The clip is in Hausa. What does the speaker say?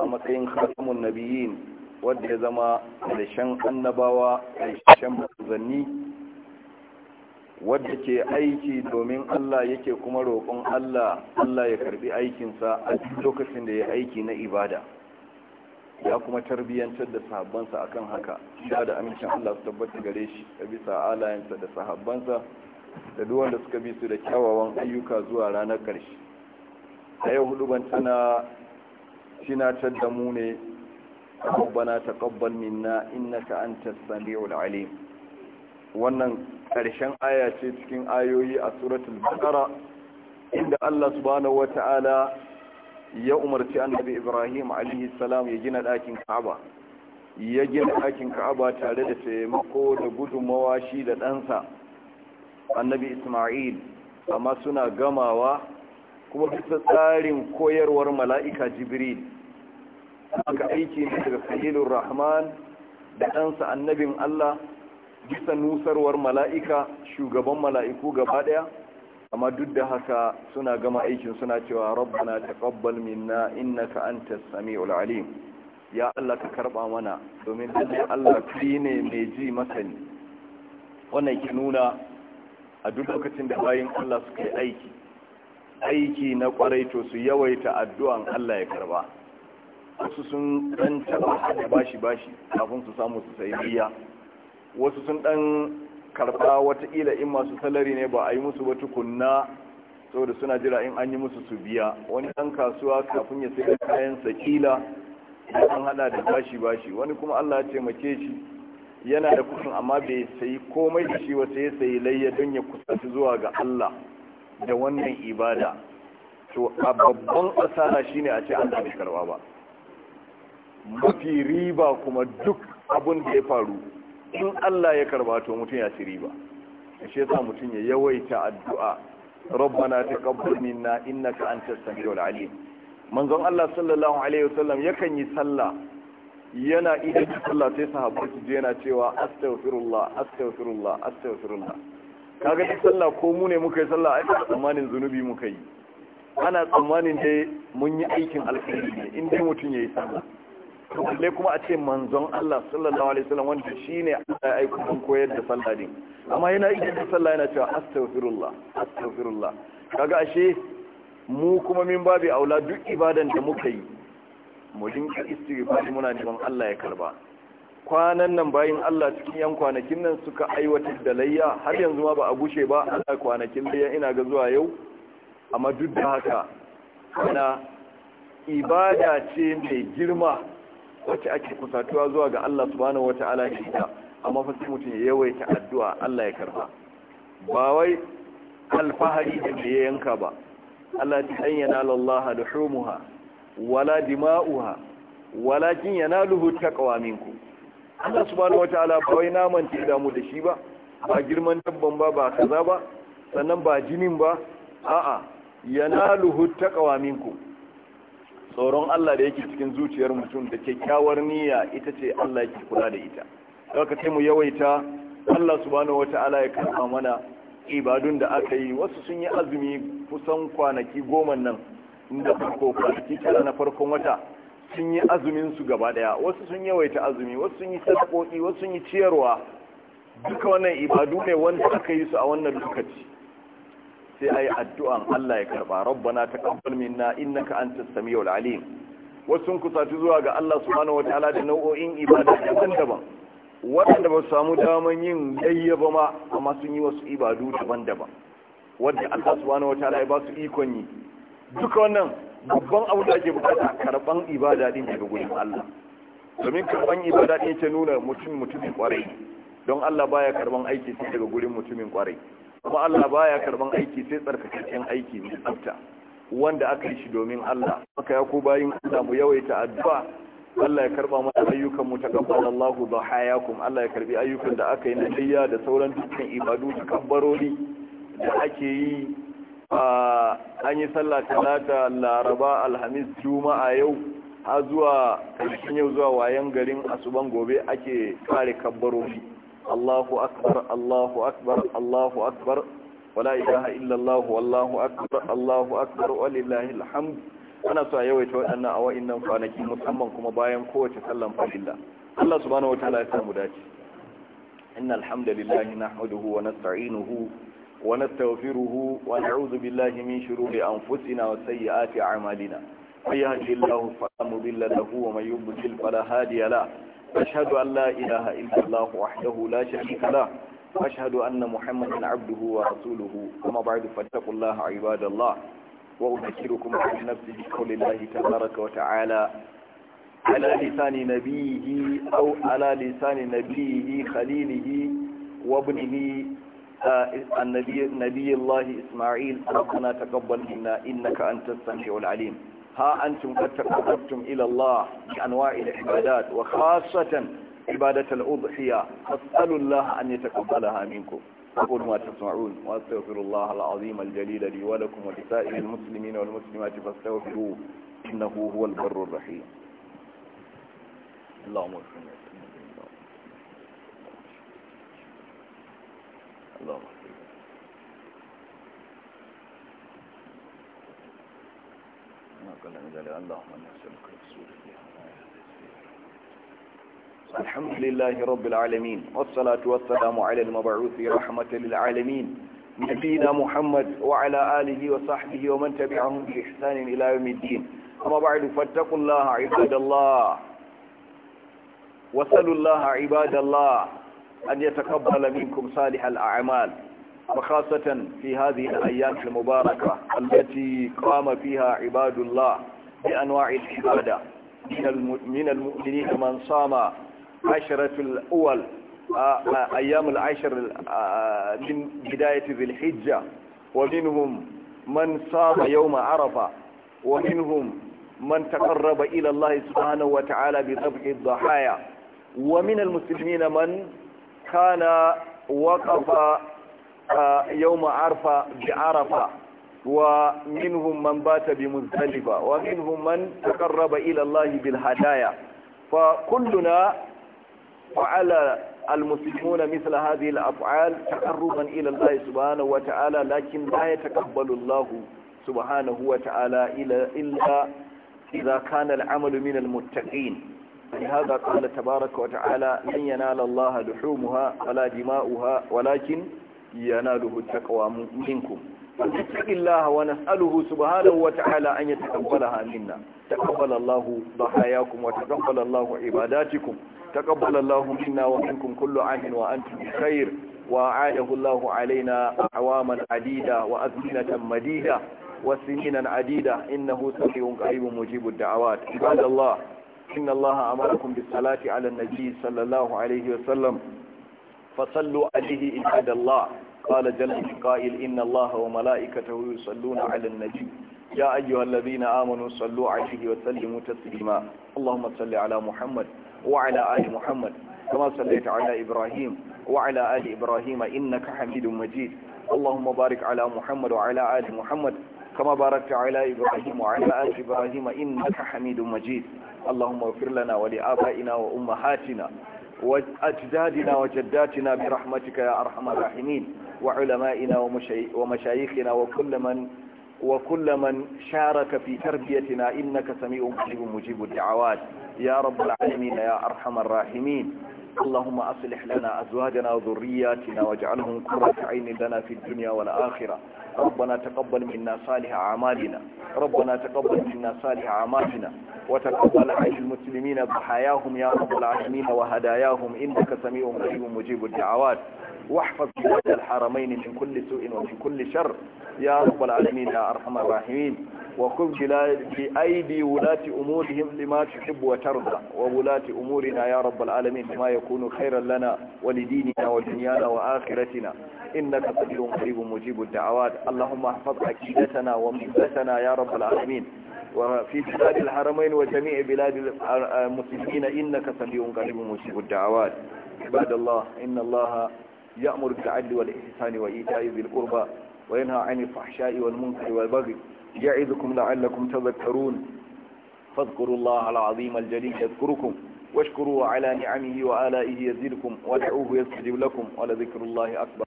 a matsayin khatamun nabiyin wadda ya zama ƙarshen annabawa ƙarshen zanni wadda ke aiki domin Allah yake kuma roƙon Allah Allah ya karbi aikinsa a lokacin da ya aiki na ibada ya kuma tarbiyyantar da sahabbansa akan haka ya da amincin Allah su tabbata gare shi a bisa alayensa da sahabbansa da duwan da suka bi su da kyawawan ayyuka zuwa ranar ƙarshe a yau hudu ban tana tunatar da mu ne rabbana taqabbal minna innaka antas samiul alim wannan karshen aya ce cikin ayoyi a suratul baqara inda Allah subhanahu wata'ala ya umarci annabi Ibrahim alaihi salam ya gina dakin Ka'aba ya gina dakin Ka'aba tare da taimako da gudunmawa shi da ɗansa annabi Isma'il amma suna gamawa kuma bisa tsarin koyarwar mala'ika Jibril aka aiki ne daga sahilun rahman da ɗansa annabin Allah bisa nusarwar mala'ika shugaban mala'iku gaba ɗaya amma duk da haka suna gama aikin suna cewa rabbana taqabbal minna innaka antas samiul alim ya Allah ka karba mana domin ne Allah kai ne mai ji masani wannan ke nuna a duk lokacin da bayan Allah suka yi aiki aiki na ƙwarai to su yawaita addu'an Allah ya karɓa. wasu sun dan taba hada bashi bashi kafin su samu su sayi biya wasu sun dan karba watakila in masu salari ne ba a yi musu ba kunna saboda suna jira in an yi musu su biya wani dan kasuwa kafin ya sayar kayan sakila an hada da bashi bashi wani kuma Allah ya taimake shi yana da kuɗin amma bai sayi komai da shi wata ya sayi layya don ya kusanci zuwa ga Allah da wannan ibada to a babban asara shine a ce Allah bai karba ba mafi riba kuma duk abin da ya faru in Allah ya karba to mutum ya ci riba shi yasa mutum ya yawaita addu'a rabbana taqabbal minna innaka antas samiul alim manzon Allah sallallahu alaihi wasallam yakan yi sallah yana idan sallah sai sahabbai su je yana cewa astaghfirullah astaghfirullah astaghfirullah kaga duk sallah ko mu ne muka yi sallah ai tsammanin zunubi muka yi ana tsammanin dai mun yi aikin alkhairi ne in dai mutum yayi sallah balle kuma a ce manzon Allah sallallahu alaihi wasallam wanda shine Allah ya aika kun koyar da sallah din amma yana idan da sallah yana cewa astaghfirullah astaghfirullah kaga ashe mu kuma min babu aula duk ibadan da muka yi mu dinka istighfar muna neman Allah ya karba kwanan nan bayin Allah cikin yan kwanakin nan suka aiwatar da layya har yanzu ma ba a gushe ba Allah kwanakin da ina ga zuwa yau amma duk da haka ana ibada ce mai girma wacce ake kusatuwa zuwa ga Allah subhanahu wata'ala shi ta amma fa sai mutum ya yawaita addu'a Allah ya karba ba wai alfahari da ya yanka ba Allah ta hanya yanala Allah duhumuha wala dima'uha walakin yanaluhu taqwa minku Allah subhanahu wata'ala ba wai naman ce da mu da shi ba ba girman dabban ba ba kaza ba sannan ba jinin ba a'a yanaluhu taqwa minku tsoron Allah da yake cikin zuciyar mutum da kyakkyawar niyya ita ce Allah yake kula da ita daga sai mu yawaita Allah subhanahu wata'ala ya karɓa mana ibadun da aka yi wasu sun yi azumi kusan kwanaki goma nan inda farko kwanaki tara na farkon wata sun yi azumin su gaba daya wasu sun yawaita azumi wasu sun yi sadakoki wasu sun yi ciyarwa duka wannan ibadu ne wanda aka yi su a wannan lokaci sai ayi addu'an Allah ya karba rabbana taqabbal minna innaka antas samiul alim wasu kusatu zuwa ga Allah subhanahu ta’ala da nau'o'in ibada daban-daban waɗanda ba su samu daman yin dayyaba ma amma sun yi wasu ibadu daban-daban wanda Allah subhanahu ta’ala ya ba su ikon yi duka wannan babban abu da ake bukata karban ibada din daga gurin Allah domin karban ibada din ce nuna mutum mutumin kwarai don Allah baya karban aiki sai daga gurin mutumin kwarai kuma Allah baya karban aiki sai tsarkakakken aiki mai tsafta wanda aka yi shi domin Allah aka ya ko bayin Allah mu yawaita addu'a Allah ya karba mana ayyukan mu taqabbalallahu dhahayakum Allah ya karbi ayyukan da aka yi na dayya da sauran dukkan ibadu da kabbaroli da ake yi an yi sallah talata laraba alhamis juma'a yau har zuwa karshen yau zuwa wayan garin asuban gobe ake kare kabbaroli الله أكبر الله أكبر الله أكبر ولا إله إلا الله والله أكبر الله أكبر ولله الحمد أنا سأيوي أنا أو إن فانكي مسمم كما بايم قوة سلم فلله الله سبحانه وتعالى يسلم داتي إن الحمد لله نحمده ونستعينه ونستغفره ونعوذ بالله من شرور أنفسنا وسيئات أعمالنا من يهدي الله فلا مضل له ومن يضلل فلا هادي له أشهد أن لا إله إلا الله وحده لا شريك له وأشهد أن محمدا عبده ورسوله أما بعد فاتقوا الله عباد الله وأذكركم عن نفسي بقول الله تبارك وتعالى على لسان نبيه أو على لسان نبيه خليله وابنه النبي نبي الله إسماعيل ربنا تقبل منا إنك أنت السميع العليم ها أنتم قد تقربتم إلى الله بأنواع العبادات وخاصة عبادة الأضحية فاسألوا الله أن يتقبلها منكم أقول ما تسمعون وأستغفر الله العظيم الجليل لي ولكم ولسائر المسلمين والمسلمات فاستغفروه إنه هو البر الرحيم اللهم اغفر اللهم اغفر ذلك اللهم الحمد لله رب العالمين والصلاة والسلام على المبعوث رحمة للعالمين نبينا محمد وعلى آله وصحبه ومن تبعهم بإحسان إلى يوم الدين أما بعد فاتقوا الله عباد الله وصلوا الله عباد الله أن يتقبل منكم صالح الأعمال وخاصة في هذه الأيام المباركة التي قام فيها عباد الله بأنواع العبادة من المؤمنين من صام عشرة الأول آه، آه، أيام العشر آه، من بداية ذي الحجة ومنهم من صام يوم عرفة ومنهم من تقرب إلى الله سبحانه وتعالى بذبح الضحايا ومن المسلمين من كان وقف يوم عرفة بعرفة ومنهم من بات بمزدلفة ومنهم من تقرب إلى الله بالهدايا فكلنا فعل المسلمون مثل هذه الأفعال تقربا إلى الله سبحانه وتعالى لكن لا يتقبل الله سبحانه وتعالى إلا إذا كان العمل من المتقين لهذا قال تبارك وتعالى لن ينال الله لحومها ولا دماؤها ولكن yanaluhu taqwa minkum fattaqillaha wa nas'aluhu subhanahu wa ta'ala an yataqabbalaha minna taqabbal Allahu dhahayakum wa taqabbal Allahu ibadatikum taqabbal Allahu minna wa minkum kullu amin wa antum khair wa a'adahu Allahu alayna awaman adida wa azminatan madida wa sininan adida innahu samiun qaribun mujibud da'awat ibadallah inna Allaha amarakum bis salati ala an sallallahu alayhi wa sallam فصلوا عليه عباد الله قال جل قائل إن الله وملائكته يصلون على النبي يا أيها الذين آمنوا صلوا عليه وسلموا تسليما اللهم صل على محمد وعلى آل محمد كما صليت على إبراهيم وعلى آل إبراهيم إنك حميد مجيد اللهم بارك على محمد وعلى آل محمد كما باركت على إبراهيم وعلى آل إبراهيم إنك حميد مجيد اللهم اغفر لنا ولآبائنا وأمهاتنا وأجدادنا وجداتنا برحمتك يا أرحم الراحمين وعلمائنا ومشايخنا وكل من وكل من شارك في تربيتنا إنك سميع مجيب مجيب الدعوات يا رب العالمين يا أرحم الراحمين اللهم أصلح لنا أزواجنا وذرياتنا واجعلهم قرة عين لنا في الدنيا والآخرة ربنا تقبل منا صالح أعمالنا ربنا تقبل منا صالح أعمالنا وتقبل عيش المسلمين بحياهم يا رب العالمين وهداياهم إنك سميع قريب مجيب الدعوات واحفظ بلاد الحرمين من كل سوء ومن كل شر يا رب العالمين يا أرحم الراحمين وقف بأيدي ولاة أمورهم لما تحب وترضى وولاة أمورنا يا رب العالمين ما يكون خيرا لنا ولديننا ودنيانا وآخرتنا إنك قدير قريب مجيب الدعوات اللهم احفظ أكيدتنا ومجدتنا يا رب العالمين وفي بلاد الحرمين وجميع بلاد المسلمين إنك سميع قريب مجيب الدعوات عباد الله إن الله يأمر بالعدل والإحسان وإيتاء ذي القربى وينهى عن الفحشاء والمنكر والبغي يعظكم لعلكم تذكرون فاذكروا الله العظيم الجليل يذكركم واشكروا على نعمه وآلائه يزدكم ودعوه يستجب لكم ولذكر الله أكبر